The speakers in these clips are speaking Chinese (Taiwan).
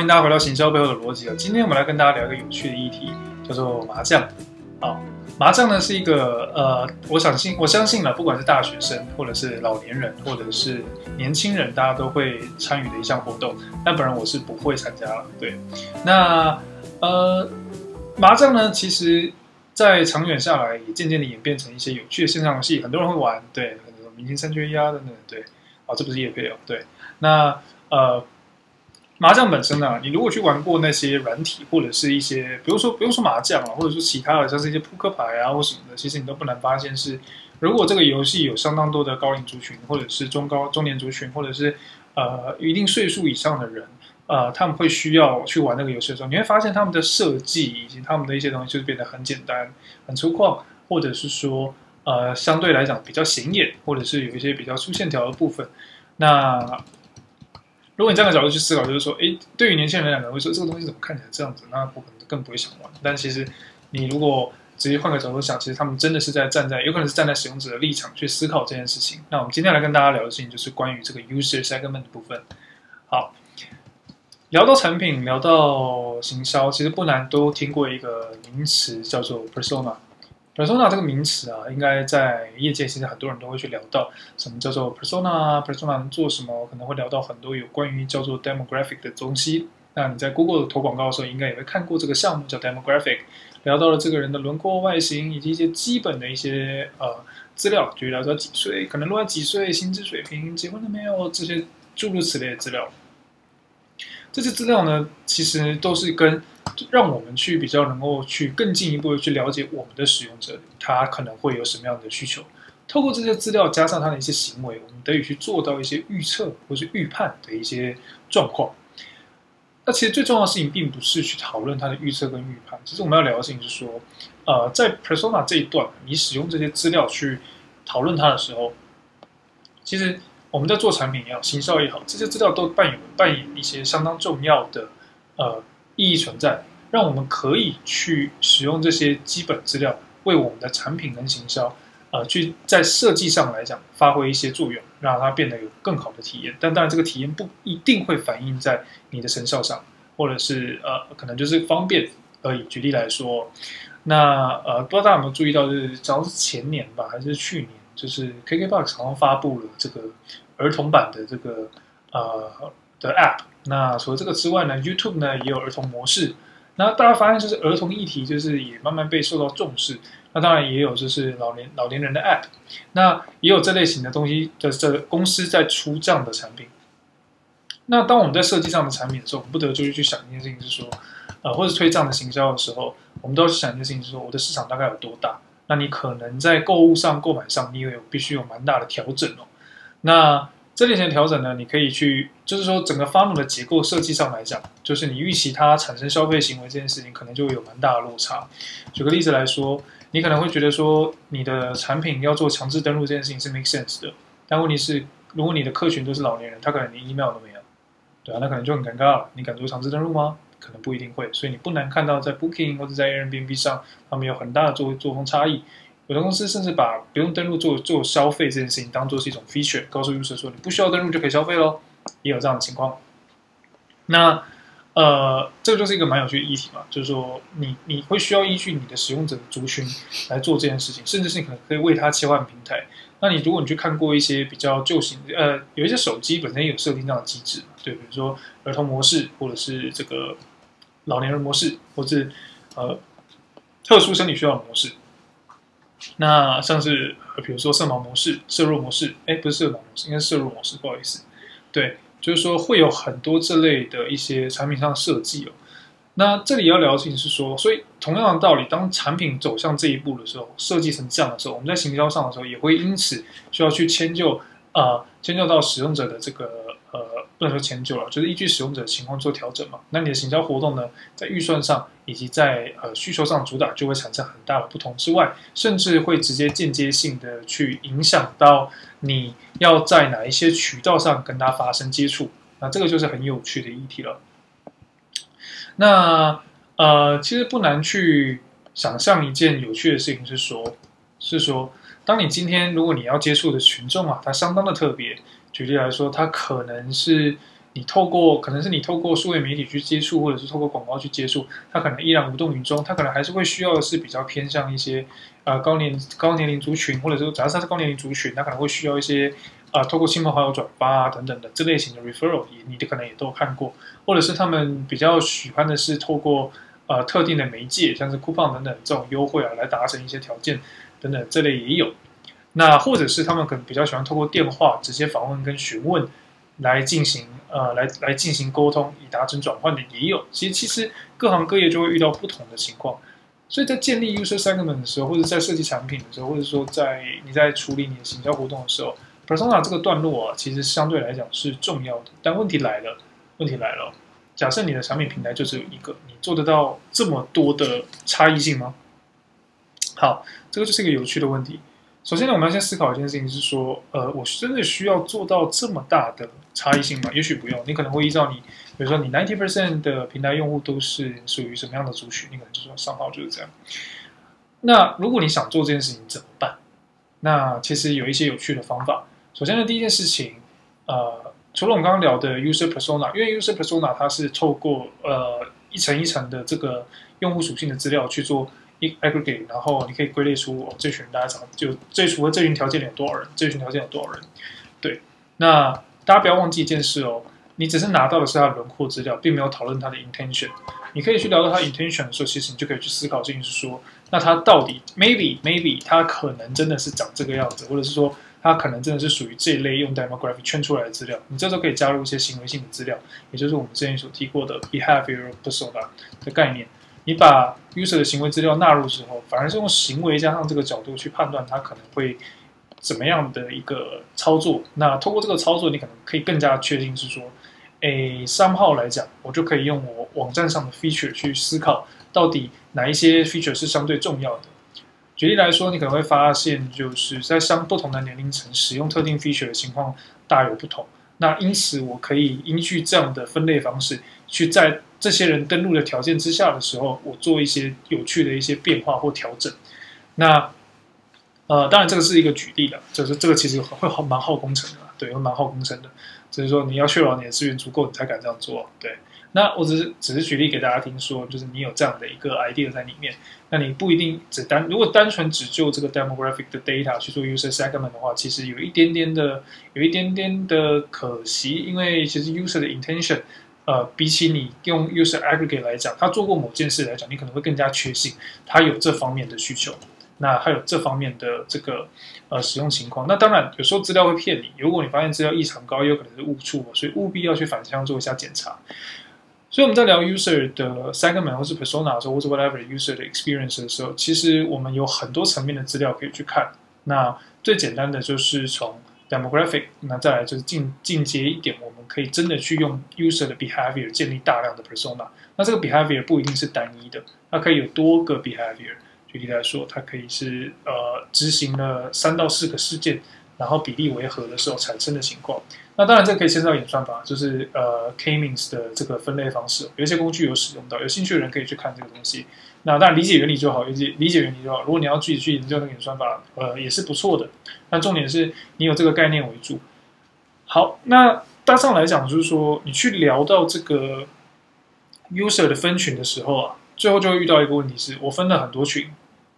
歡迎大家回到行銷背後的邏輯啊！今天我們來跟大家聊一個有趣的議題，叫做麻將啊、哦。麻將呢是一個呃，我相信我相信了，不管是大學生或者是老年人，或者是年輕人，大家都會參與的一項活動。但本人我是不會參加了。對，那呃，麻將呢，其實，在長遠下來也漸漸的演變成一些有趣的線上遊戲，很多人會玩。對，可能明星三缺一啊等等。對，哦，這不是業配哦。對，那呃。麻將本身啊，你如果去玩過那些軟體，或者是一些，比如說不用說麻將啊，或者說其他的像這些撲克牌啊或什麼的，其實你都不難發現是，如果這個遊戲有相當多的高齡族群，或者是中高中年族群，或者是呃一定歲數以上的人，呃，他們會需要去玩那個遊戲的時候，你會發現他們的設計以及他們的一些東西就是變得很簡單、很粗獷，或者是說呃相對來講比較顯眼，或者是有一些比較粗線條的部分，那，如果你這樣的角度去思考，就是說，哎，對於年輕人來講，會說這個東西怎麼看起來這樣子，那我可能更不會想玩。但其實，你如果直接換個角度想，其實他們真的是在站在，有可能是站在使用者的立場去思考這件事情。那我們今天來跟大家聊的事情，就是關於這個 user segment 的部分。好，聊到產品，聊到行銷，其實不難，都聽過一個名詞叫做 persona。persona 這個名詞啊，應該在業界其實很多人都會去聊到，什麼叫做 persona 啊，persona 能做什麼？可能會聊到很多有關於叫做 demographic 的東西。那你在 Google 投廣告的時候，應該也會看過這個項目叫 demographic，聊到了這個人的輪廓外形，以及一些基本的一些呃資料，就是聊到幾歲，可能落在幾歲，薪資水平，結婚了沒有，這些諸如此類的資料。這些資料呢，其實都是跟讓我們去比較能夠去更進一步的去了解我們的使用者，他可能會有什麼樣的需求。透過這些資料加上他的一些行為，我們得以去做到一些預測或是預判的一些狀況。那其實最重要的事情並不是去討論他的預測跟預判，其實我們要聊的事情是說，呃，在 Persona 這一段，你使用這些資料去討論他的時候，其實我們在做產品也好、行銷也好，這些資料都扮演扮演一些相當重要的呃意義存在。讓我們可以去使用這些基本資料，為我們的產品跟行銷，呃，去在設計上來講發揮一些作用，讓它變得有更好的體驗。但當然，這個體驗不一定會反映在你的成效上，或者是呃，可能就是方便而已。舉例來說，那呃，不知道大家有沒有注意到，就是好像是前年吧，還是去年，就是 KKBOX 好像發布了這個兒童版的這個呃的 App。那除了這個之外呢，YouTube 呢也有兒童模式。那大家發現就是兒童議題就是也慢慢被受到重視，那當然也有就是老年老年人的 app，那也有這類型的東西的、就是、這個公司在出這樣的產品。那當我們在設計這樣的產品的時候，我們不得就是去想一件事情是說，呃，或者推這樣的行銷的時候，我們都要去想一件事情是說我的市場大概有多大？那你可能在購物上、購買上，你也有必須有蠻大的調整哦。那這件事的調整呢，你可以去，就是說整個 funnel 的結構設計上來講，就是你預期它產生消費行為這件事情，可能就有蠻大的落差。舉個例子來說，你可能會覺得說，你的產品要做強制登錄這件事情是 make sense 的，但問題是，如果你的客群都是老年人，他可能連 email 都沒有，對啊，那可能就很尷尬了。你敢做強制登錄嗎？可能不一定會。所以你不難看到，在 Booking 或者在 Airbnb 上，他們有很大的作作風差異。有的公司甚至把不用登錄做做消費這件事情當做是一種 feature，告訴 users 說，你不需要登錄就可以消費咯，也有這樣的情況。那呃，這個就是一個蠻有趣的議題嘛，就是說你你會需要依據你的使用者的族群來做這件事情，甚至是你可能可以為他切換平台。那你如果你去看過一些比較舊型的，呃，有一些手機本身有設定這樣的機制，對，比如說兒童模式，或者是這個老年人模式，或者是呃特殊生理需要的模式。那像是，比如說色盲模式、色弱模式，哎，不是色盲模式，應該是色弱模式，不好意思。對，就是說會有很多這類的一些產品上的設計哦。那這裡要聊的事情是說，所以同樣的道理，當產品走向這一步的時候，設計成這樣的時候，我們在行銷上的時候也會因此需要去遷就，啊、呃，遷就到使用者的這個。不能說遷就了，就是依據使用者情況做調整嘛。那你的行銷活動呢，在預算上以及在，呃，需求上主打就會產生很大的不同之外，甚至會直接間接性的去影響到你要在哪一些渠道上跟他發生接觸。那這個就是很有趣的議題了。那呃，其實不難去想象一件有趣的事情是說，是說，當你今天如果你要接觸的群眾啊，他相當的特別。舉例來說，他可能是你透過，可能是你透過數位媒體去接觸，或者是透過廣告去接觸，他可能依然無動於衷，他可能還是會需要的是比較偏向一些，呃、高年高年齡族群，或者說只要是他是高年齡族群，他可能會需要一些，啊、呃、透過親朋好友轉發啊等等的這類型的 referral，也你的可能也都看過，或者是他們比較喜歡的是透過，呃特定的媒介像是 coupon 等等這種優惠啊來達成一些條件，等等這類也有。那或者是他們可能比較喜歡通過電話直接訪問跟詢問來進行呃來來進行溝通以達成轉換的也有其實其實各行各業就會遇到不同的情況所以在建立 user segment 的時候或者在設計產品的時候或者說在你在處理你的行銷活動的時候 persona、嗯、這個段落啊其實相對來講是重要的但問題來了問題來了假設你的產品平台就只有一個你做得到這麼多的差異性嗎？好這個就是一個有趣的問題。首先呢，我們要先思考一件事情，就是說，呃，我真的需要做到這麼大的差異性嗎？也許不用，你可能會依照你，比如說你 ninety percent 的平台用戶都是屬於什麼樣的族群，你可能就說上號就是這樣。那如果你想做這件事情怎麼辦？那其實有一些有趣的方法。首先呢，第一件事情，呃，除了我們剛剛聊的 user persona，因為 user persona 它是透過呃一層一層的這個用戶屬性的資料去做。aggregate，然後你可以歸類出、哦、這群大家找就最符合這群條件，有多少人，這群條件有多少人？對，那大家不要忘記一件事哦，你只是拿到的是它的輪廓資料，並沒有討論它的 intention。你可以去聊到它 intention 的時候，其實你就可以去思考這件事說，那它到底 maybe maybe 它可能真的是長這個樣子，或者是說它可能真的是屬於這一類用 demographic 圈出來的資料，你這時候可以加入一些行為性的資料，也就是我們之前所提過的 behavioral persona 的概念。你把 user 的行為資料納入之後，反而是用行為加上這個角度去判斷它可能會怎麼樣的一個操作。那通過這個操作，你可能可以更加確定是說，誒，三號來講，我就可以用我網站上的 feature 去思考到底哪一些 feature 是相對重要的。舉例來說，你可能會發現，就是在相不同的年齡層使用特定 feature 的情況大有不同。那因此，我可以依據這樣的分類方式去在。這些人登錄的條件之下的時候，我做一些有趣的一些變化或調整。那，呃，當然這個是一個舉例，了，就是這個其實很會蠻耗工程的，對，會蠻耗工程的。所以說你要確保你的資源足夠，你才敢這樣做。對，那我只是只是舉例給大家聽說，說就是你有這樣的一個 idea 在裡面，那你不一定只單，如果單純只就這個 demographic 的 data 去做 user segment 的話，其實有一點點的，有一點點的可惜，因為其實 user 的 intention。呃，比起你用 user aggregate 來講，他做過某件事來講，你可能會更加確信他有這方面的需求，那還有這方面的這個呃使用情況。那當然，有時候資料會騙你，如果你發現資料異常高，有可能是誤觸嘛，所以務必要去反向做一下檢查。所以我們在聊 user 的 segment 或是 persona 的時候，或者 whatever user 的 experience 的時候，其實我們有很多層面的資料可以去看。那最簡單的就是從。demographic，那再來就是進進階一點，我們可以真的去用 user 的 behavior 建立大量的 persona。那這個 behavior 不一定是單一的，它可以有多個 behavior。具體來說，它可以是呃執行了三到四個事件。然後比例違和的時候產生的情況，那當然這可以牽扯到演算法，就是呃 K means 的這個分類方式，有一些工具有使用到，有興趣的人可以去看這個東西。那當然理解原理就好，理解理解原理就好。如果你要具體去研究那個演算法，呃也是不錯的。那重點是你有這個概念為主。好，那大上來講就是說，你去聊到這個 user 的分群的時候啊，最後就會遇到一個問題是，我分了很多群，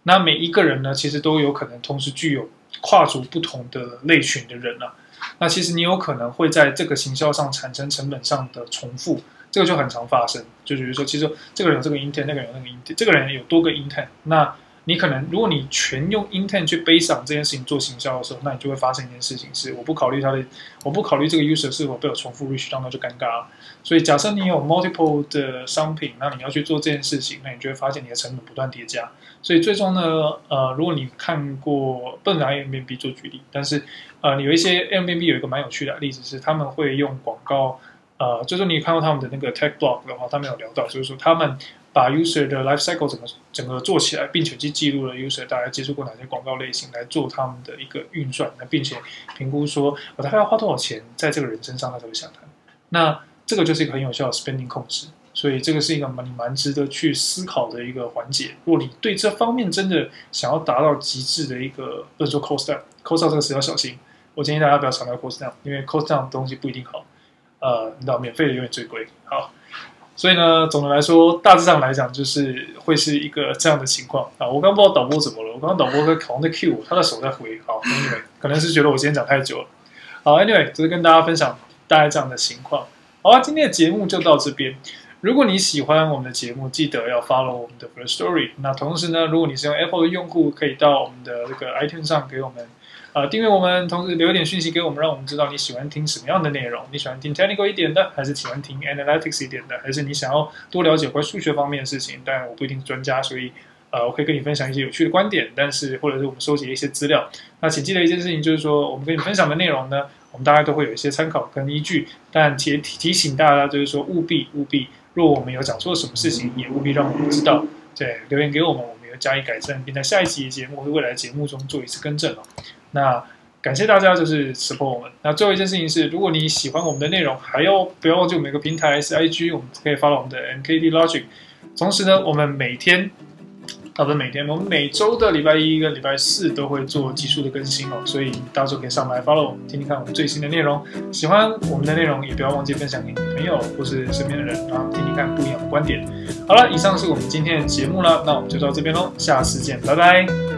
那每一個人呢，其實都有可能同時具有。跨足不同的類群的人啊，那其實你有可能會在這個行銷上產生成本上的重複，這個就很常發生。就比如說，其實這個人有這個 intent，那個人有那個 intent，這個人有多個 intent，那。你可能，如果你全用 Intent 去背上這件事情做行銷的時候，那你就會發生一件事情，是我不考慮它的，我不考慮這個 user 是否被我重複 reach，那就尷尬了。所以假設你有 multiple 的商品，那你要去做這件事情，那你就會發現你的成本不斷疊加。所以最終呢，呃，如果你看過不能拿 Airbnb 做舉例，但是呃，你有一些 Airbnb 有一個蠻有趣的例子是，他們會用廣告，呃，就是你看過他們的那個 Tech Blog 的話，他們有聊到，就是說他們。把 user 的 life cycle 整個整個做起來，並且去記錄了 user 大概接觸過哪些廣告類型，來做他們的一個運算，那並且評估說，我大概要花多少錢在這個人身上，他才會下單。那這個就是一個很有效的 spending 控制，所以這個是一個蠻蠻值得去思考的一個環節。如果你對這方面真的想要達到極致的一個，不能說 cost down，cost down 這個詞要小心，我建議大家不要強調 cost down，因為 cost down 的東西不一定好。呃，你知道，免費的永遠最貴。好。所以呢，總的來說，大致上來講，就是會是一個這樣的情況啊。我剛剛不知道導播怎麼了，我剛剛導播在扛着 Q，他的手在回啊，anyway, 可能是覺得我今天講太久了。好啊，Anyway，就是跟大家分享大概這樣的情況。好啊，今天的節目就到這邊。如果你喜歡我們的節目，記得要 follow 我們的 Firstory。那同時呢，如果你是用 Apple 的用戶，可以到我們的這個 iTunes 上給我們。啊、呃，訂閱我們，同時留一點訊息給我們，讓我們知道你喜歡聽什麼樣的內容。你喜歡聽 technical 一點的，還是喜歡聽 analytics 一點的，還是你想要多了解關於數學方面的事情？但我不一定是專家，所以呃，我可以跟你分享一些有趣的觀點。但是或者是我們收集一些資料。那請記得一件事情，就是說我們跟你分享的內容呢，我們大概都會有一些參考跟依據。但其實提,提醒大家，就是說務必務必，若我們有講錯什麼事情，也務必讓我們知道，對留言給我們，我們有加以改正，並在下一集節目或未來節目中做一次更正、哦那感謝大家，就是 support 我們。那最後一件事情是，如果你喜歡我們的內容，還要不要忘記我們每個平台是 IG，我們可以 follow 我們的 MKT Logic。同時呢，我們每天，差、啊、不多每天，我們每周的禮拜一跟禮拜四都會做技術的更新哦，所以到時候可以上來 follow 我們，聽聽看我們最新的內容。喜歡我們的內容，也不要忘記分享給你朋友或是身邊的人，然後聽聽看不一樣的觀點。好了，以上是我們今天的節目了，那我們就到這邊嘍，下次見，拜拜。